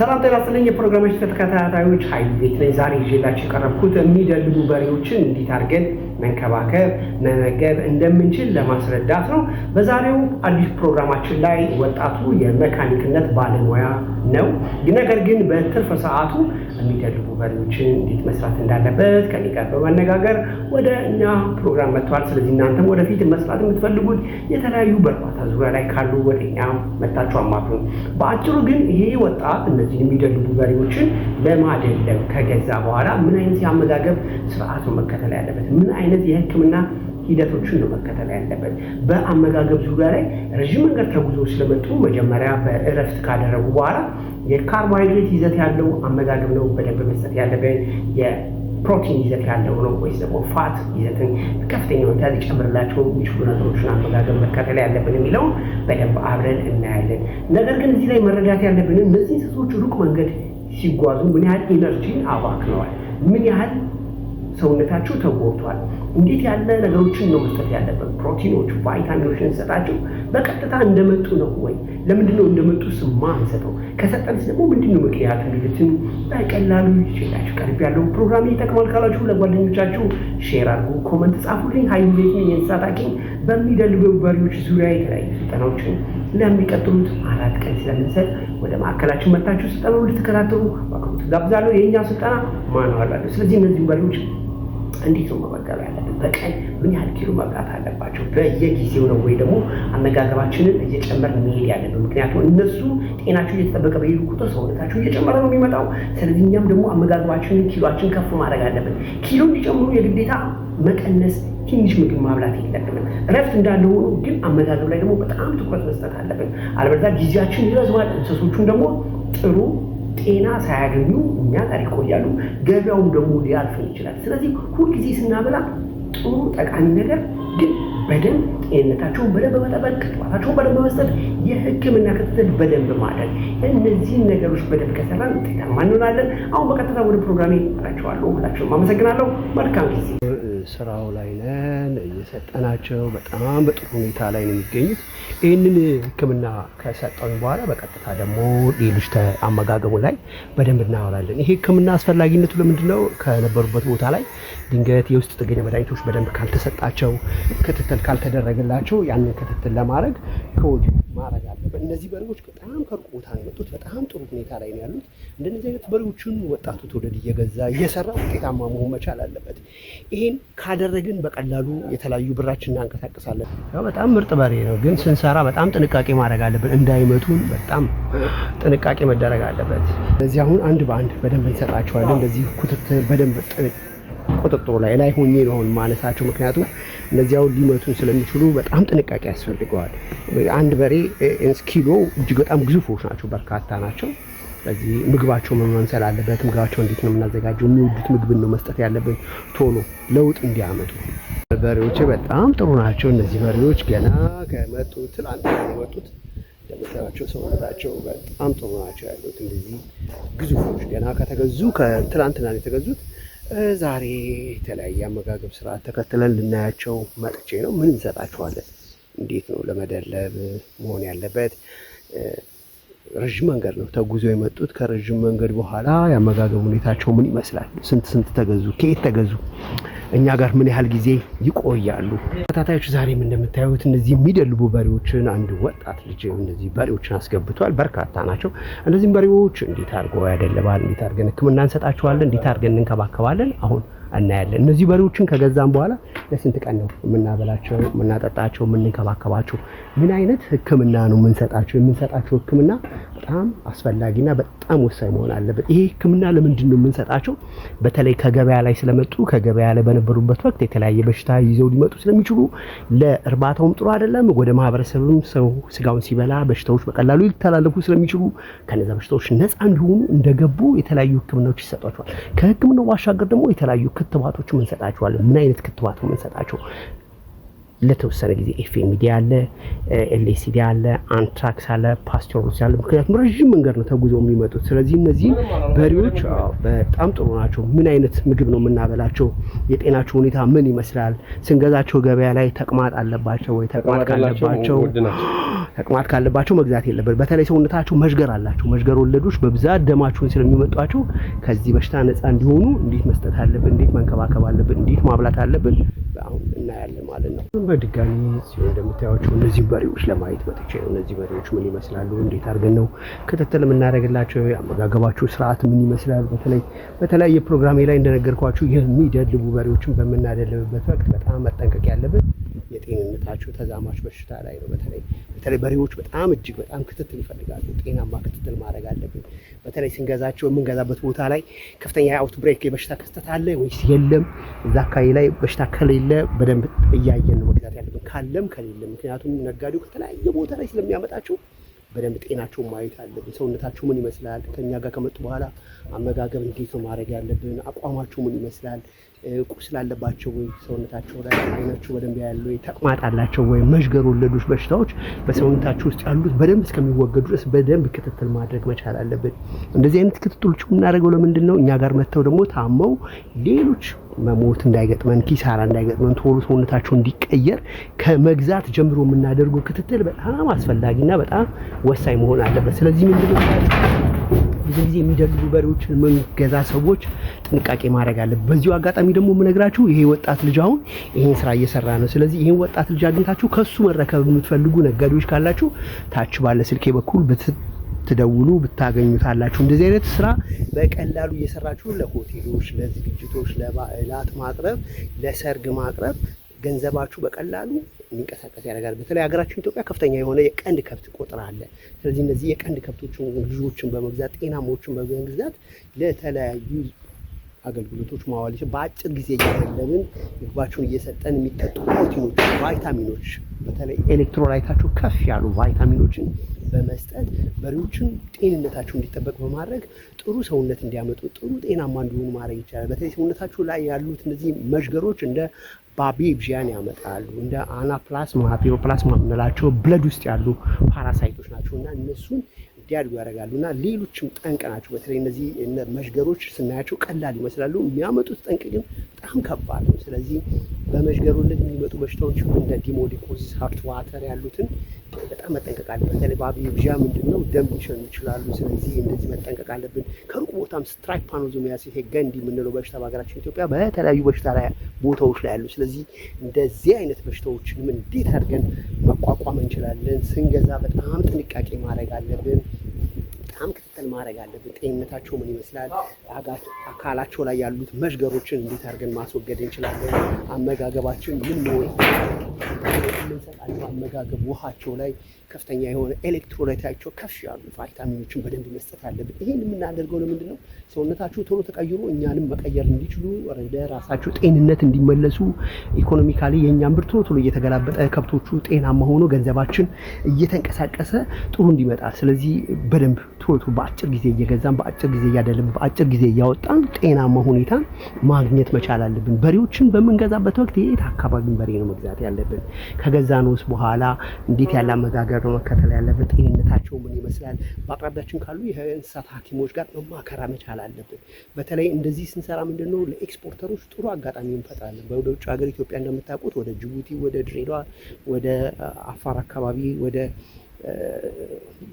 ሰላም ጤና ስለኝ የፕሮግራማችን ተከታታዮች ሀይል ቤት ነኝ። ዛሬ ይዤላችሁ የቀረብኩት የሚደልቡ በሬዎችን እንዴት አድርገን መንከባከብ፣ መመገብ እንደምንችል ለማስረዳት ነው። በዛሬው አዲስ ፕሮግራማችን ላይ ወጣቱ የመካኒክነት ባለሙያ ነው። ነገር ግን በትርፍ ሰዓቱ የሚደልቡ በሬዎችን እንዴት መስራት እንዳለበት ከኔ ጋር በመነጋገር ወደ እኛ ፕሮግራም መጥተዋል። ስለዚህ እናንተም ወደፊት መስራት የምትፈልጉት የተለያዩ በእርባታ ዙሪያ ላይ ካሉ ወደ እኛ መታችሁ አማክሩ። በአጭሩ ግን ይሄ ወጣት እነዚህ የሚደልቡ በሬዎችን ለማደለብ ከገዛ በኋላ ምን አይነት የአመጋገብ ስርዓት ነው መከተል ያለበት? ምን አይነት የህክምና ሂደቶችን ነው መከተል ያለበት። በአመጋገብ ዙሪያ ላይ ረዥም መንገድ ተጉዞ ስለመጡ መጀመሪያ በእረፍት ካደረጉ በኋላ የካርቦሃይድሬት ይዘት ያለው አመጋገብ ነው በደንብ መስጠት ያለብን። የፕሮቲን ይዘት ያለው ነው ወይስ ደግሞ ፋት ይዘትን ከፍተኛ ሁኔታ ሊጨምርላቸው የሚችሉ ነገሮችን አመጋገብ መከተል ያለብን የሚለውን በደንብ አብረን እናያለን። ነገር ግን እዚህ ላይ መረዳት ያለብን እነዚህ እንስሶች ሩቅ መንገድ ሲጓዙ ምን ያህል ኢነርጂን አባክነዋል፣ ምን ያህል ሰውነታችሁ ተጎድቷል። እንዴት ያለ ነገሮችን ነው መስጠት ያለብን? ፕሮቲኖች፣ ቫይታሚኖች እንሰጣቸው በቀጥታ እንደመጡ ነው ወይ? ለምንድን ነው እንደመጡ ስማ አንሰጠው? ከሰጠንስ ደግሞ ምንድን ነው ምክንያቱ? ሚሉትን በቀላሉ ይችላችሁ። ቀርብ ያለው ፕሮግራም ይጠቅማል ካላችሁ ለጓደኞቻችሁ ሼር አድርጉ፣ ኮመንት ጻፉልኝ። ሀይሌት የእንስሳት ሐኪም በሚደልበ በሬዎች ዙሪያ የተለያዩ ስልጠናዎችን ለሚቀጥሉት አራት ቀን ስለምንሰጥ ወደ ማዕከላችን መታችሁ ስልጠናው እንድትከታተሉ ልትከታተሉ ጋብዛለሁ። የእኛ ስልጠና ማነው አላለሁ። ስለዚህ እነዚህ በሬዎች እንዴት ነው መመገብ ያለብን? በቀን ምን ያህል ኪሎ መብላት አለባቸው? በየጊዜው ነው ወይ ደግሞ አመጋገባችንን እየጨመር መሄድ ያለብን? ምክንያቱም እነሱ ጤናቸው እየተጠበቀ በሄዱ ቁጥር ሰውነታቸው እየጨመረ ነው የሚመጣው። ስለዚህ እኛም ደግሞ አመጋገባችንን፣ ኪሎችን ከፍ ማድረግ አለብን። ኪሎ እንዲጨምሩ የግዴታ መቀነስ ትንሽ ምግብ ማብላት የለብንም። እረፍት እንዳለ ሆኖ ግን አመጋገብ ላይ ደግሞ በጣም ትኩረት መስጠት አለብን። አለበለዚያ ጊዜያችን ይረዝማል። እንስሶቹን ደግሞ ጥሩ ጤና ሳያገኙ እኛ ጋር ይቆያሉ። ገበያውም ደግሞ ሊያልፈን ይችላል። ስለዚህ ሁልጊዜ ስናበላ ጥሩ ጠቃሚ ነገር ግን በደንብ ጤንነታቸውን በደንብ በመጠበቅ ክትባታቸውን በደንብ በመስጠት የሕክምና ክትትል በደንብ ማድረግ እነዚህን ነገሮች በደንብ ከሰራን ውጤታማ እንሆናለን። አሁን በቀጥታ ወደ ፕሮግራሜ እመራቸዋለሁ። ሁላችሁም አመሰግናለሁ። መልካም ጊዜ ስራው ላይ ነን እየሰጠናቸው በጣም በጥሩ ሁኔታ ላይ ነው የሚገኙት። ይህንን ሕክምና ከሰጠን በኋላ በቀጥታ ደግሞ ሌሎች አመጋገቡ ላይ በደንብ እናወራለን። ይሄ ሕክምና አስፈላጊነቱ ለምንድን ነው? ከነበሩበት ቦታ ላይ ድንገት የውስጥ ጥገኛ መድኃኒቶች በደንብ ካልተሰጣቸው፣ ክትትል ካልተደረገላቸው ያንን ክትትል ለማድረግ ከወዲሁ ማድረግ አለብን። እነዚህ በሬዎች በጣም ከሩቅ ቦታ ነው የመጡት። በጣም ጥሩ ሁኔታ ላይ ነው ያሉት። እንደነዚህ አይነት በሬዎችን ወጣቱ ትውልድ እየገዛ እየሰራ ውጤታማ መሆን መቻል አለበት። ይህን ካደረግን በቀላሉ የተለያዩ ብራችን እናንቀሳቀሳለን። በጣም ምርጥ በሬ ነው፣ ግን ስንሰራ በጣም ጥንቃቄ ማድረግ አለብን። እንዳይመቱን በጣም ጥንቃቄ መደረግ አለበት። ስለዚህ አሁን አንድ በአንድ በደንብ እንሰጣቸዋለን። እንደዚህ ክትትል በደንብ ቁጥጥሩ ላይ ላይ ሆኜ ነው አሁን ማነሳቸው ምክንያቱም እነዚያውን ሊመቱን ስለሚችሉ በጣም ጥንቃቄ ያስፈልገዋል። አንድ በሬ ኪሎ እጅግ በጣም ግዙፎች ናቸው፣ በርካታ ናቸው። ስለዚህ ምግባቸው መመንሰል አለበት። ምግባቸው እንዴት ነው የምናዘጋጀው? የሚወዱት ምግብን ነው መስጠት ያለበት፣ ቶሎ ለውጥ እንዲያመጡ። በሬዎች በጣም ጥሩ ናቸው። እነዚህ በሬዎች ገና ከመጡ ትላንት የመጡት ሰውነታቸው በጣም ጥሩ ናቸው ያሉት። እንደዚህ ግዙፎች ገና ከተገዙ ከትላንትና የተገዙት ዛሬ የተለያየ አመጋገብ ስርዓት ተከትለን ልናያቸው መጥቼ ነው። ምን እንሰጣችኋለን? እንዴት ነው ለመደለብ መሆን ያለበት? ረዥም መንገድ ነው ተጉዘው የመጡት። ከረዥም መንገድ በኋላ የአመጋገብ ሁኔታቸው ምን ይመስላል? ስንት ስንት ተገዙ? ከየት ተገዙ? እኛ ጋር ምን ያህል ጊዜ ይቆያሉ? ተከታታዮች ዛሬም እንደምታዩት እነዚህ የሚደልቡ በሬዎችን አንድ ወጣት ልጅ እነዚህ በሬዎችን አስገብቷል። በርካታ ናቸው። እነዚህም በሬዎች እንዴት አድርጎ ያደልባል፣ እንዴት አድርገን ሕክምና እንሰጣቸዋለን፣ እንዴት አድርገን እንንከባከባለን አሁን እናያለን። እነዚህ በሬዎችን ከገዛም በኋላ ለስንት ቀን ነው የምናበላቸው፣ የምናጠጣቸው፣ የምንከባከባቸው ምን አይነት ሕክምና ነው የምንሰጣቸው? የምንሰጣቸው ሕክምና በጣም አስፈላጊና በጣም ወሳኝ መሆን አለበት። ይሄ ሕክምና ለምንድን ነው የምንሰጣቸው? በተለይ ከገበያ ላይ ስለመጡ ከገበያ ላይ በነበሩበት ወቅት የተለያየ በሽታ ይዘው ሊመጡ ስለሚችሉ ለእርባታውም ጥሩ አይደለም። ወደ ማህበረሰብም ሰው ስጋውን ሲበላ በሽታዎች በቀላሉ ሊተላለፉ ስለሚችሉ ከነዛ በሽታዎች ነፃ እንዲሆኑ እንደገቡ የተለያዩ ሕክምናዎች ይሰጧቸዋል። ከሕክምናው ባሻገር ደግሞ የተለያዩ ክትባቶች ምንሰጣቸዋለን? ምን አይነት ክትባት ምንሰጣቸው? ለተወሰነ ጊዜ ኤፍኤምዲ አለ፣ ኤልኤሲዲ አለ፣ አንትራክስ አለ፣ ፓስቶሮስ አለ። ምክንያቱም ረዥም መንገድ ነው ተጉዘው የሚመጡት። ስለዚህ እነዚህ በሬዎች በጣም ጥሩ ናቸው። ምን አይነት ምግብ ነው የምናበላቸው? የጤናቸው ሁኔታ ምን ይመስላል? ስንገዛቸው ገበያ ላይ ተቅማጥ አለባቸው ወይ? ተቅማጥ ካለባቸው ተቅማጥ ካለባቸው መግዛት የለበት። በተለይ ሰውነታቸው መዥገር አላቸው። መዥገር ወለዶች በብዛት ደማቸውን ስለሚመጧቸው ከዚህ በሽታ ነፃ እንዲሆኑ እንዴት መስጠት አለብን? እንዴት መንከባከብ አለብን? እንዴት ማብላት አለብን? አሁን እናያለን ማለት ነው። በድጋሚ ሲሆን እንደምታያቸው እነዚህ በሬዎች ለማየት መጥቼ ነው። እነዚህ በሬዎች ምን ይመስላሉ፣ እንዴት አድርገን ነው ክትትል የምናደርግላቸው፣ የአመጋገባቸው ስርዓት ምን ይመስላል። በተለይ በተለያየ ፕሮግራሜ ላይ እንደነገርኳችሁ የሚደልቡ በሬዎችን በምናደልብበት ወቅት በጣም መጠንቀቅ ያለብን የጤንነታቸው ተዛማች በሽታ ላይ ነው። በተለይ በተለይ በሬዎች በጣም እጅግ በጣም ክትትል ይፈልጋሉ። ጤናማ ክትትል ማድረግ አለብን። በተለይ ስንገዛቸው የምንገዛበት ቦታ ላይ ከፍተኛ ብሬክ የበሽታ ክስተት አለ ወይስ የለም? እዛ አካባቢ ላይ በሽታ ከሌለ በደንብ እያየን ነው መግዛት ያለብን፣ ካለም ከሌለ። ምክንያቱም ነጋዴው ከተለያየ ቦታ ላይ ስለሚያመጣቸው በደንብ ጤናቸው ማየት አለብን። ሰውነታቸው ምን ይመስላል? ከኛ ጋር ከመጡ በኋላ አመጋገብ እንዴት ነው ማድረግ ያለብን? አቋማቸው ምን ይመስላል? ቁስል አለባቸው ወይ፣ ሰውነታቸው ላይ አይናቸው በደንብ ያለው ተቅማጥ አላቸው ወይ፣ መዥገር ወለዶች በሽታዎች በሰውነታቸው ውስጥ ያሉት በደንብ እስከሚወገዱ ድረስ በደንብ ክትትል ማድረግ መቻል አለብን። እንደዚህ አይነት ክትትሎች የምናደርገው ለምንድን ነው? እኛ ጋር መጥተው ደግሞ ታመው ሌሎች መሞት እንዳይገጥመን ኪሳራ እንዳይገጥመን ቶሎ ሰውነታቸው እንዲቀየር ከመግዛት ጀምሮ የምናደርገው ክትትል በጣም አስፈላጊና በጣም ወሳኝ መሆን አለበት። ስለዚህ ምንድነው ብዙ ጊዜ የሚደልቡ በሬዎችን የምንገዛ ሰዎች ጥንቃቄ ማድረግ አለ። በዚሁ አጋጣሚ ደግሞ የምነግራችሁ ይሄ ወጣት ልጅ አሁን ይህን ስራ እየሰራ ነው። ስለዚህ ይህን ወጣት ልጅ አግኝታችሁ ከሱ መረከብ የምትፈልጉ ነጋዴዎች ካላችሁ ታች ባለ ስልኬ በኩል ብትደውሉ ብታገኙታላችሁ። እንደዚህ አይነት ስራ በቀላሉ እየሰራችሁ ለሆቴሎች፣ ለዝግጅቶች፣ ለበዓላት ማቅረብ፣ ለሰርግ ማቅረብ ገንዘባችሁ በቀላሉ እንዲንቀሳቀስ ያደርጋል። በተለይ ሀገራችን ኢትዮጵያ ከፍተኛ የሆነ የቀንድ ከብት ቁጥር አለ። ስለዚህ እነዚህ የቀንድ ከብቶችን ልጆችን በመግዛት ጤናሞችን በመግዛት ለተለያዩ አገልግሎቶች ማዋል በአጭር ጊዜ እያለብን ምግባቸውን እየሰጠን የሚጠጡ ፕሮቲኖች፣ ቫይታሚኖች በተለይ ኤሌክትሮላይታቸው ከፍ ያሉ ቫይታሚኖችን በመስጠት በሬዎችን ጤንነታቸው እንዲጠበቅ በማድረግ ጥሩ ሰውነት እንዲያመጡ ጥሩ ጤናማ እንዲሆኑ ማድረግ ይቻላል። በተለይ ሰውነታቸው ላይ ያሉት እነዚህ መዥገሮች እንደ ባቢ ብዣን ያመጣሉ። እንደ አናፕላስማ ፒሮፕላስማ የምንላቸው ብለድ ውስጥ ያሉ ፓራሳይቶች ናቸው እና እነሱን እንዲያድጉ ያደርጋሉ እና ሌሎችም ጠንቅ ናቸው። በተለይ እነዚህ መዥገሮች ስናያቸው ቀላል ይመስላሉ፣ የሚያመጡት ጠንቅ ግን በጣም ከባድ ነው። ስለዚህ በመዥገሩነት የሚመጡ በሽታዎች እንደ ዲሞሊኮስ ሀርት ዋተር ያሉትን በጣም መጠንቀቅ አለብን። በተለይ በአብይ ብዣ ምንድን ነው ደም ሊሸኑ ይችላሉ። ስለዚህ እንደዚህ መጠንቀቅ አለብን። ከሩቅ ቦታም ስትራይፓኖዞሚያሲስ ይሄ ገንዲ የምንለው በሽታ በሀገራችን ኢትዮጵያ በተለያዩ በሽታ ላይ ቦታዎች ላይ አሉ። ስለዚህ እንደዚህ አይነት በሽታዎችንም እንዴት አድርገን መቋቋም እንችላለን? ስንገዛ በጣም ጥንቃቄ ማድረግ አለብን። በጣም ክትትል ማድረግ አለብን። ጤንነታቸው ምን ይመስላል? አካላቸው ላይ ያሉት መዥገሮችን እንዴት አድርገን ማስወገድ እንችላለን? አመጋገባችን ምን ነው? የምንሰጣቸው አመጋገብ፣ ውሃቸው ላይ ከፍተኛ የሆነ ኤሌክትሮላይታቸው ከፍ ያሉ ቫይታሚኖችን በደንብ መስጠት አለብን። ይህን የምናደርገው ለምንድን ነው? ሰውነታችሁ ቶሎ ተቀይሮ እኛንም መቀየር እንዲችሉ ወደ ጤንነት እንዲመለሱ ኢኮኖሚካሊ የእኛን ብር ቶሎ ቶሎ እየተገላበጠ ከብቶቹ ጤናማ ሆኖ ገንዘባችን እየተንቀሳቀሰ ጥሩ እንዲመጣ ስለዚህ በደንብ ቶሎ በአጭር ጊዜ እየገዛን በአጭር ጊዜ እያደለብን በአጭር ጊዜ እያወጣን ጤናማ ሁኔታ ማግኘት መቻል አለብን። በሬዎችን በምንገዛበት ወቅት የት አካባቢን በሬ ነው መግዛት ያለብን? ከገዛን ውስጥ በኋላ እንዴት ያለ አመጋገር ነው መከተል ያለብን? ጤንነታቸው ምን ይመስላል? በአቅራቢያችን ካሉ የእንስሳት ሐኪሞች ጋር መማከራ መቻል አለብን። በተለይ እንደዚህ ስንሰራ ምንድነው ለኤክስፖርተሮች ጥሩ አጋጣሚ እንፈጥራለን። ወደ ውጭ ሀገር ኢትዮጵያ እንደምታውቁት ወደ ጅቡቲ፣ ወደ ድሬዳዋ፣ ወደ አፋር አካባቢ ወደ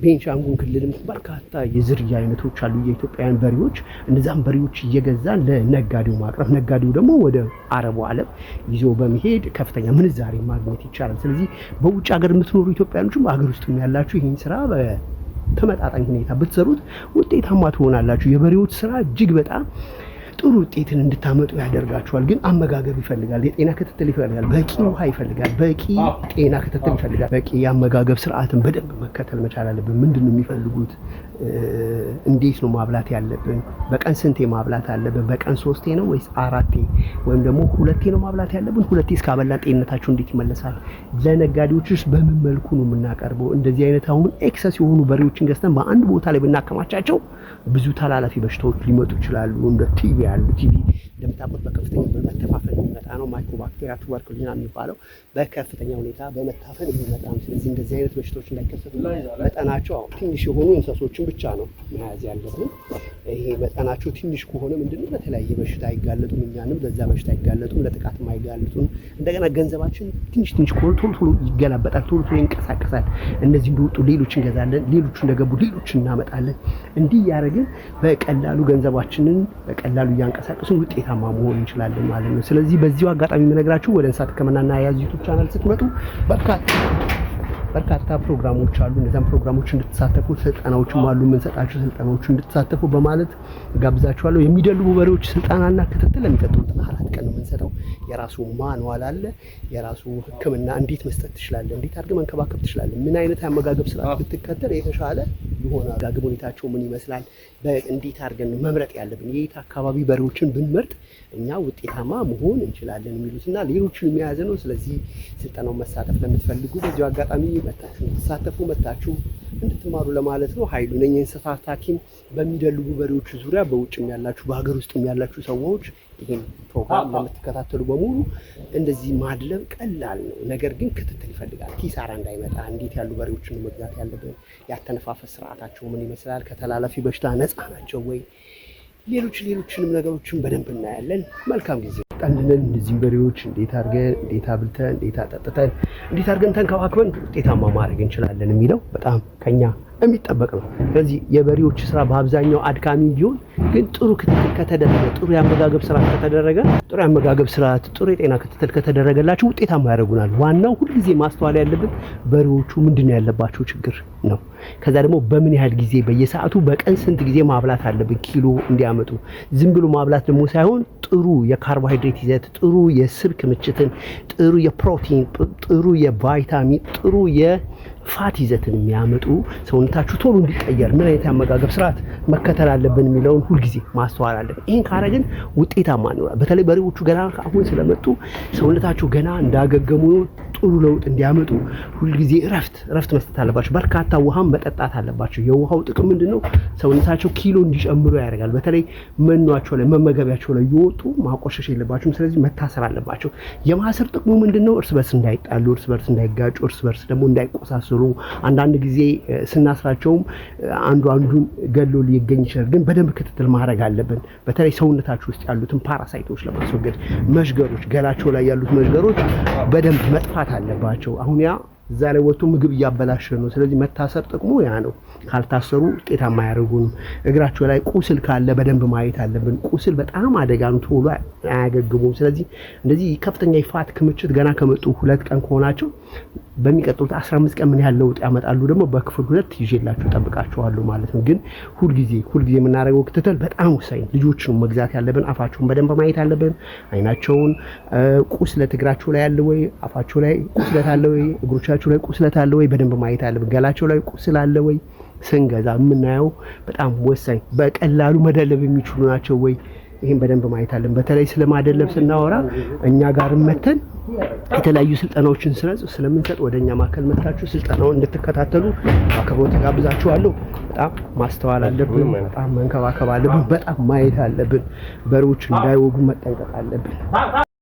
ቤንሻንጉል ክልልም በርካታ የዝርያ አይነቶች አሉ፣ የኢትዮጵያውያን በሬዎች። እነዛን በሬዎች እየገዛን ለነጋዴው ማቅረብ፣ ነጋዴው ደግሞ ወደ አረቡ ዓለም ይዞ በመሄድ ከፍተኛ ምንዛሬ ማግኘት ይቻላል። ስለዚህ በውጭ ሀገር የምትኖሩ ኢትዮጵያውያኖችም ሀገር ውስጥም ያላችሁ ይህን ስራ በተመጣጣኝ ሁኔታ ብትሰሩት ውጤታማ ትሆናላችሁ። የበሬዎች ስራ እጅግ በጣም ጥሩ ውጤትን እንድታመጡ ያደርጋችኋል። ግን አመጋገብ ይፈልጋል፣ የጤና ክትትል ይፈልጋል፣ በቂ ውሃ ይፈልጋል፣ በቂ ጤና ክትትል ይፈልጋል። በቂ የአመጋገብ ስርዓትን በደንብ መከተል መቻል አለብን። ምንድን ነው የሚፈልጉት? እንዴት ነው ማብላት ያለብን? በቀን ስንቴ ማብላት አለብን? በቀን ሶስቴ ነው ወይስ አራቴ ወይም ደግሞ ሁለቴ ነው ማብላት ያለብን? ሁለቴ እስካበላን ጤንነታቸው እንዴት ይመለሳል? ለነጋዴዎችስ በምን መልኩ ነው የምናቀርበው? እንደዚህ አይነት አሁን ኤክሰስ የሆኑ በሬዎችን ገዝተን በአንድ ቦታ ላይ ብናከማቻቸው ብዙ ተላላፊ በሽታዎች ሊመጡ ይችላሉ እንደ ቲቪ ያሉ ቲቪ እንደምታውቁት በከፍተኛ በመተፋፈል የሚመጣ ነው። ማይኮባክቴሪያ ቱበርኩሊና የሚባለው በከፍተኛ ሁኔታ በመታፈል የሚመጣ ነው። ስለዚህ እንደዚህ አይነት በሽታዎች እንዳይከሰቱ መጠናቸው ትንሽ የሆኑ እንሰሶችን ብቻ ነው መያዝ ያለብን። ይሄ መጠናቸው ትንሽ ከሆነ ምንድነው በተለያየ በሽታ አይጋለጡም፣ እኛንም በዛ በሽታ አይጋለጡም፣ ለጥቃት አይጋለጡም። እንደገና ገንዘባችን ትንሽ ትንሽ ከሆነ ቶሎ ቶሎ ይገላበጣል፣ ቶሎ ቶሎ ይንቀሳቀሳል። እነዚህ እንደወጡ ሌሎች እንገዛለን፣ ሌሎች እንደገቡ ሌሎች እናመጣለን። እንዲህ እያደረግን በቀላሉ ገንዘባችንን በቀላሉ እያንቀሳቀሱን ውጤታማ መሆን እንችላለን ማለት ነው። ስለዚህ በዚሁ አጋጣሚ የምነግራችሁ ወደ እንስሳት ሕክምናና የያዙ ዩቱብ ቻናል ስትመጡ በርካታ ፕሮግራሞች አሉ። እነዚያን ፕሮግራሞች እንድትሳተፉ ስልጠናዎችም አሉ የምንሰጣቸው ስልጠናዎች እንድትሳተፉ በማለት ጋብዛችኋለሁ። የሚደልቡ በሬዎች ስልጠናና ክትትል ለሚቀጥሉት አራት ቀን የምንሰጠው የራሱ ማንዋል አለ። የራሱ ህክምና እንዴት መስጠት ትችላለህ፣ እንዴት አድርገህ መንከባከብ ትችላለህ፣ ምን አይነት አመጋገብ ስርዓት ብትከተል የተሻለ ይሆናል? ዳግም ሁኔታቸው ምን ይመስላል? እንዴት አድርገን መምረጥ ያለብን የየት አካባቢ በሬዎችን ብንመርጥ እኛ ውጤታማ መሆን እንችላለን የሚሉት እና ሌሎችን የሚያያዘ ነው። ስለዚህ ስልጠናው መሳተፍ ለምትፈልጉ በዚሁ አጋጣሚ መታችሁ እንድትሳተፉ መታችሁ እንድትማሩ ለማለት ነው። ኃይሉ ነኝ የእንስሳት ሐኪም በሚደልቡ በሬዎች ዙሪያ በውጭም ያላችሁ በሀገር ውስጥም ያላችሁ ሰዎች ይህን ፕሮግራም ለምትከታተሉ በሙሉ እንደዚህ ማድለብ ቀላል ነው። ነገር ግን ክትትል ይፈልጋል። ኪሳራ እንዳይመጣ እንዴት ያሉ በሬዎችን መግዛት ያለብን፣ ያተነፋፈስ ስርዓታቸው ምን ይመስላል፣ ከተላላፊ በሽታ ነፃ ናቸው ወይ፣ ሌሎች ሌሎችንም ነገሮችን በደንብ እናያለን። መልካም ጊዜ። ቀንድነን እነዚህም በሬዎች እንዴት አድርገን እንዴት አብልተን እንዴት አጠጥተን እንዴት አድርገን ተንከባክበን ውጤታማ ማድረግ እንችላለን የሚለው በጣም ከኛ የሚጠበቅ ነው። ስለዚህ የበሬዎች ስራ በአብዛኛው አድካሚ ቢሆን ግን ጥሩ ክትትል ከተደረገ፣ ጥሩ የአመጋገብ ስርዓት ከተደረገ፣ ጥሩ የአመጋገብ ስርዓት፣ ጥሩ የጤና ክትትል ከተደረገላቸው ውጤታማ ያደርጉናል። ዋናው ሁልጊዜ ማስተዋል ያለብን በሬዎቹ ምንድን ነው ያለባቸው ችግር ነው። ከዛ ደግሞ በምን ያህል ጊዜ በየሰዓቱ በቀን ስንት ጊዜ ማብላት አለብን ኪሎ እንዲያመጡ። ዝም ብሎ ማብላት ደግሞ ሳይሆን ጥሩ የካርቦሃይድሬት ይዘት፣ ጥሩ የስብ ክምችትን፣ ጥሩ የፕሮቲን፣ ጥሩ የቫይታሚን፣ ጥሩ ፋት ይዘትን የሚያመጡ ሰውነታችሁ ቶሎ እንዲቀየር ምን አይነት የአመጋገብ ስርዓት መከተል አለብን የሚለውን ሁልጊዜ ማስተዋል አለን። ይህን ካረግን ውጤታማ እንሆናለን። በተለይ በሬዎቹ ገና አሁን ስለመጡ ሰውነታችሁ ገና እንዳገገሙ ጥሩ ለውጥ እንዲያመጡ ሁልጊዜ እረፍት እረፍት መስጠት አለባቸው። በርካታ ውሃም መጠጣት አለባቸው። የውሃው ጥቅም ምንድን ነው? ሰውነታቸው ኪሎ እንዲጨምሩ ያደርጋል። በተለይ መኗቸው ላይ መመገቢያቸው ላይ እየወጡ ማቆሸሽ የለባቸውም። ስለዚህ መታሰር አለባቸው። የማሰር ጥቅሙ ምንድን ነው? እርስ በርስ እንዳይጣሉ፣ እርስ በርስ እንዳይጋጩ፣ እርስ በርስ ደግሞ እንዳይቆሳ የመሳሰሉ አንዳንድ ጊዜ ስናስራቸውም አንዱ አንዱን ገሎ ሊገኝ ይችላል። ግን በደንብ ክትትል ማድረግ አለብን። በተለይ ሰውነታችሁ ውስጥ ያሉትን ፓራሳይቶች ለማስወገድ መዥገሮች፣ ገላቸው ላይ ያሉት መዥገሮች በደንብ መጥፋት አለባቸው። አሁን ያ እዛ ላይ ወጥቶ ምግብ እያበላሸ ነው። ስለዚህ መታሰር ጥቅሙ ያ ነው። ካልታሰሩ ውጤታማ አያደርጉንም። እግራቸው ላይ ቁስል ካለ በደንብ ማየት አለብን። ቁስል በጣም አደጋ ነው፣ ቶሎ አያገግሙም። ስለዚህ እንደዚህ ከፍተኛ ይፋት ክምችት ገና ከመጡ ሁለት ቀን ከሆናቸው በሚቀጥሉት 15 ቀን ምን ያህል ለውጥ ያመጣሉ ደግሞ በክፍል ሁለት ይዤላችሁ ጠብቃችኋለሁ ማለት ነው። ግን ሁልጊዜ ሁልጊዜ የምናደርገው ክትትል በጣም ወሳኝ ልጆች ነው መግዛት ያለብን። አፋቸውን በደንብ ማየት አለብን። አይናቸውን፣ ቁስለት እግራቸው ላይ አለ ወይ፣ አፋቸው ላይ ቁስለት አለ ወይ፣ እግሮቻቸው ላይ ቁስለት አለ ወይ፣ በደንብ ማየት አለብን። ገላቸው ላይ ቁስል አለ ወይ፣ ስንገዛ የምናየው በጣም ወሳኝ በቀላሉ መደለብ የሚችሉ ናቸው ወይ ይህን በደንብ ማየት አለን። በተለይ ስለማደለብ ስናወራ እኛ ጋር መተን የተለያዩ ስልጠናዎችን ስነጽ ስለምንሰጥ ወደ እኛ ማዕከል መታችሁ ስልጠናውን እንድትከታተሉ አክብሮት ጋብዛችኋለሁ። በጣም ማስተዋል አለብን፣ በጣም መንከባከብ አለብን፣ በጣም ማየት አለብን። በሬዎች እንዳይወጉ መጠንቀቅ አለብን።